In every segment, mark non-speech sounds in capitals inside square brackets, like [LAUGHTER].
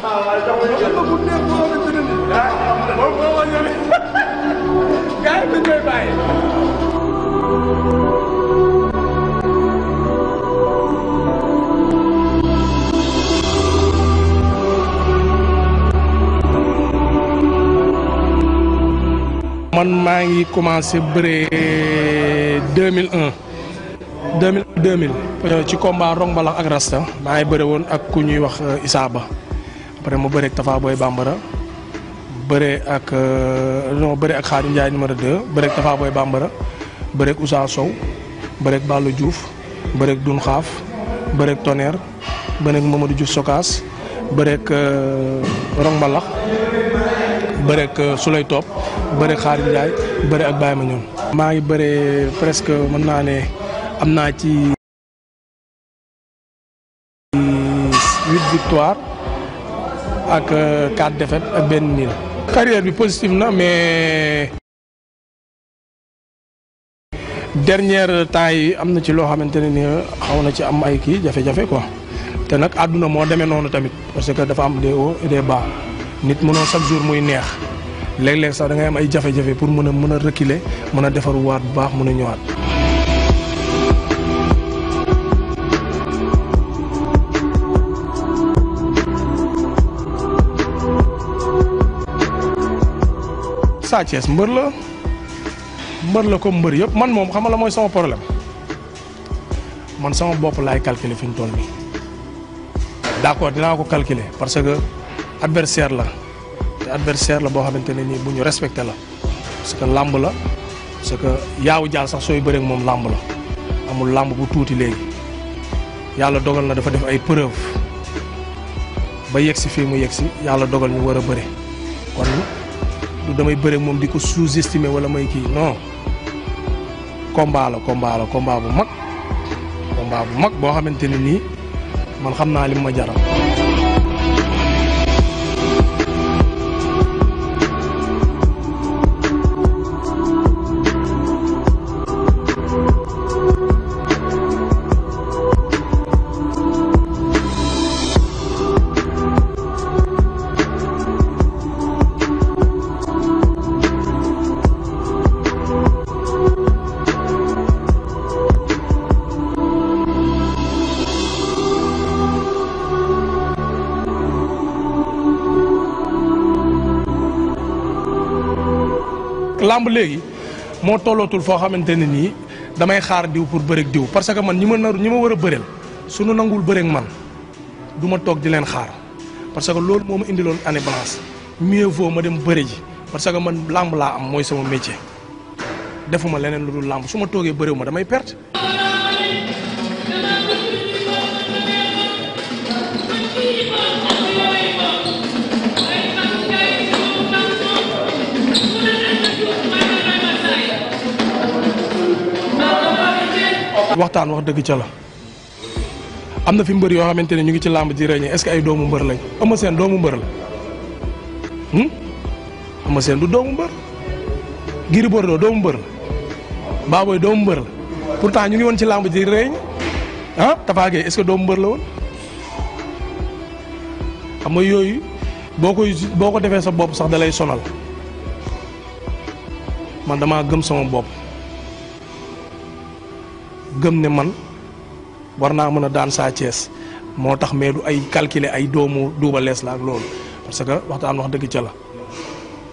man maa ngi commencé bëre 2001 2000 2000 ci combat Rock ak Rasta maa ngi bëre woon ak ku ñuy wax euh, Issa après mu bëre ak Tafa Boy Bambara bëre ak non bëre ak Xaadim Ndiaye numéro 2 bëre ak Tafa Boy Bambara bëre ak Ousa Sow bëre ak Ballou Diouf bëre ak Dun Xaaf bëre ak Sokaas bëre ak Rong Mbalax bëre ak Souley Top bëre ak Xaadim Ndiaye bëre maa ngi bëre presque mën naa ne am naa ci huit victoire. ak euh, quatre défaites ak euh, benn nii la carrière bi positive na mais dernier temps yi am na ci loo xamante ne ni euh, xaw na ci am ay kii jafe-jafe quoi te nag àdduna moo demee noonu tamit parce que dafa am des hauts et des bas nit mënoo chaque jour muy neex léeg-léeg sax da ngay am ay jafe-jafe pour mën a mën a reculer mën a defaruwaat bu baax mën a ñëwaat. Sa mbër la mbër la comme mbër yëpp man moom xam la mooy sama problème man sama bopp laay calculer fi ñu toll nii d'accord dinaa ko calculer parce que adversaire la te la boo xamante ne nii bu ñu respecté la parce que làmb la parce que yaawu jaal sax sooy bëreek moom làmb la amul làmb bu tuuti léegi yàlla dogal na dafa def ay preuve ba yegg si fii mu yegg si yàlla dogal ñu war a bëre damay bëri moom di ko sous-estimer wala may kii non combat la combat bu mag combat bu mag boo xamante ne nii man xam naa li ma jaral. làmb léegi moo tollootul foo xamante ne nii damay xaar diw pour bëreek diw parce que man ñi ma naru ñi ma war a bëreel suñu nangul bëreeg man duma toog di leen xaar parce que loolu moo ma indiloon année blanche mieux vaut ma dem bëri ji parce que man làmb laa am mooy sama métier defuma leneen lu dul làmb su ma toogee bëriwu ma damay perte. waxtaan wax dëgg ca la am na fi mbër yoo xamante ne ñu ngi ci làmb ji rëññee est-ce ay doomu mbër lañ Eumeu Sène doomu mbër la hmm? Eumeu Sène du doomu mbër Gris Bordeaux doomu mbër la Baboy doomu mbër la pourtant ñu ngi woon ci làmb ji rëñ ah Tapha Gueye est-ce doomu mbër la woon xam yooyu boo koy boo ko defee sa bopp sax dalay sonal man damaa gëm sama bopp. gëm ne man war naa mën a daan Sa moo tax mais du ay calculer ay doomu Double la ak loolu parce que waxtaan wax dëgg ca la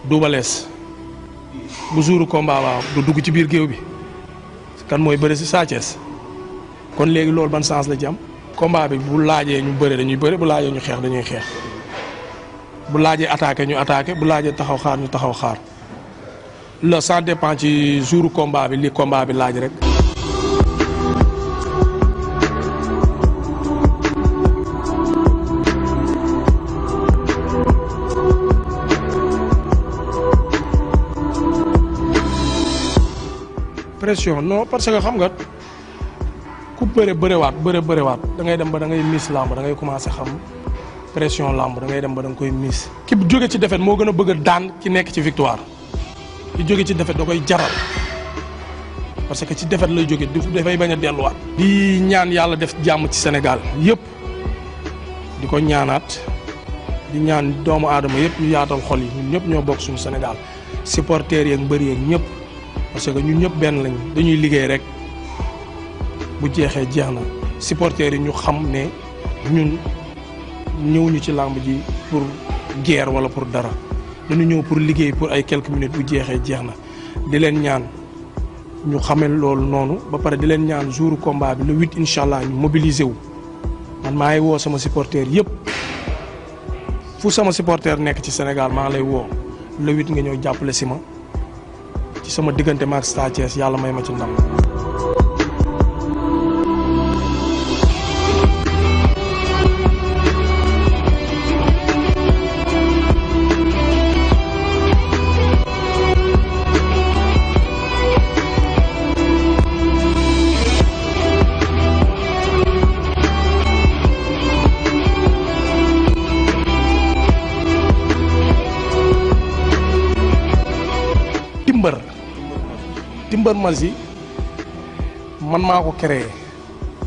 Double Less bu jouru combat waaw du dugg ci biir géew bi kan mooy bëri si Sa kon léegi loolu ban sens la jam am bi bu laajee ñu bëri dañuy bëri bu laajee ñu xeex dañuy xeex bu laajee attaqué ñu attaqué bu laajee taxaw xaar ñu taxaw xaar la ça dépend ci jouru combat bi li combat bi laaj rek pression non parce que xam nga ku bëre bërewaat bëre bërewaat da dangay dem ba da ngay miis làmb da ngay commencé xam pression làmb da ngay dem ba danga koy miis. ki jóge ci défaite moo gën a bëgg a daan ki nekk ci victoire di jóge ci defet da koy jaral parce que ci défaite lay jóge dafay bañ a delluwaat. di ñaan yàlla def jàmm ci Sénégal yëpp di ko ñaanaat di ñaan doomu aadama yëpp ñu yaatal xol yi ñun ñëpp ñoo bokk suñu Sénégal supporters yeeg mbër yeeg parce que ñun ñëpp benn lañ dañuy liggéey rek bu jeexee jeex na supporters yi ñu xam ne ñun ñëwuñu ci làmb ji pour guerre wala pour dara dañu ñëw pour liggéey pour ay quelques minutes bu jeexee jeex na di leen ñaan ñu xamee loolu noonu ba pare di leen ñaan jour combat bi le huit incha allah ñu mobiliser wu man maa ngi woo sama supporter yëpp fu sama supporter nekk ci Sénégal maa lay woo le huit nga ñëw jàppale si ma ci sama diggante ma Sa Thiès yàlla may ma ci ndam Timbermans yi man maa ko créé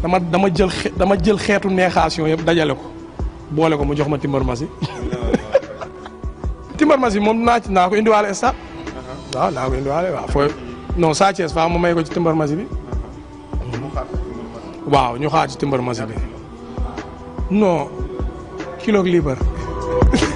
dama dama jël dama jël xeetu neexation yëpp dajale ko boole ko mu jox ma Timbermans [LAUGHS] yi Timbermans yi moom naa naa ko indiwaale stade uh-huh. waaw naa ko indiwaale waaw fooy non Sa Thiès fa mu may ko ci Timbermans bi uh-huh. waaw ñu xaaj ci Timbermans bi non kilo libre [LAUGHS]